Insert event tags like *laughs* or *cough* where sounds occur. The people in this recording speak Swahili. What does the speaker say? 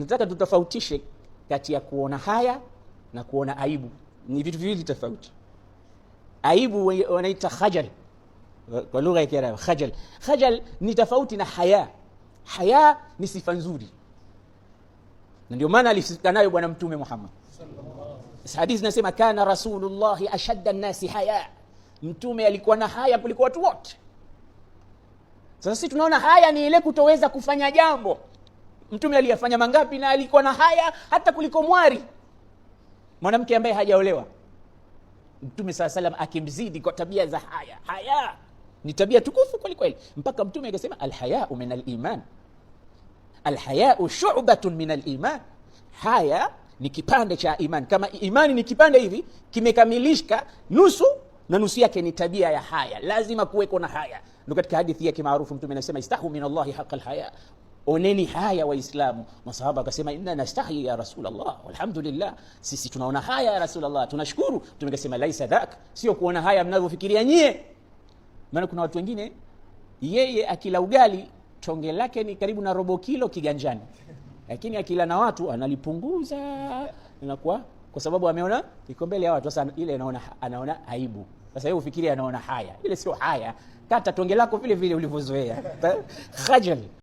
Nataka tutofautishe kati ya kuona haya na kuona aibu, ni vitu viwili tofauti. Aibu wanaita khajal kwa lugha ya Kiarabu, khajal. Khajal ni tofauti na haya. Haya ni sifa nzuri, na ndio maana alifika nayo Bwana Mtume Muhammad hadithi nasema, kana rasulullahi ashadda nnasi haya, Mtume alikuwa na haya kuliko watu wote. Sasa sisi tunaona haya ni ile kutoweza kufanya jambo Mtume aliyafanya mangapi? Na alikuwa na haya hata kuliko mwari. Mwanamke ambaye hajaolewa, Mtume saa salam akimzidi kwa tabia za haya. Haya ni tabia tukufu kweli kweli mpaka Mtume akasema alhayau min aliman, alhayau shubatun min aliman. Haya ni kipande cha iman Kama imani ni kipande hivi kimekamilishka nusu na nusu yake ni tabia ya haya, lazima kuweko na haya. ndo katika hadithi yake maarufu Mtume anasema istahu min Allahi haqa lhaya Oneni haya Waislamu. Masahaba akasema inna nastahi ya Rasulullah, walhamdulillah, sisi tunaona haya ya Rasulullah, tunashukuru. Mtume kasema laisa dhak, sio kuona haya mnavyofikiria nyie. Maana kuna watu wengine, yeye akila ugali tonge lake ni karibu na robo kilo kiganjani, lakini akila na watu analipunguza, nakuwa kwa sababu ameona iko mbele ya watu. Sasa ile anaona anaona aibu. Sasa yeye ufikiri anaona haya, ile sio haya. Kata tonge lako vile vile ulivyozoea. *laughs* Khajal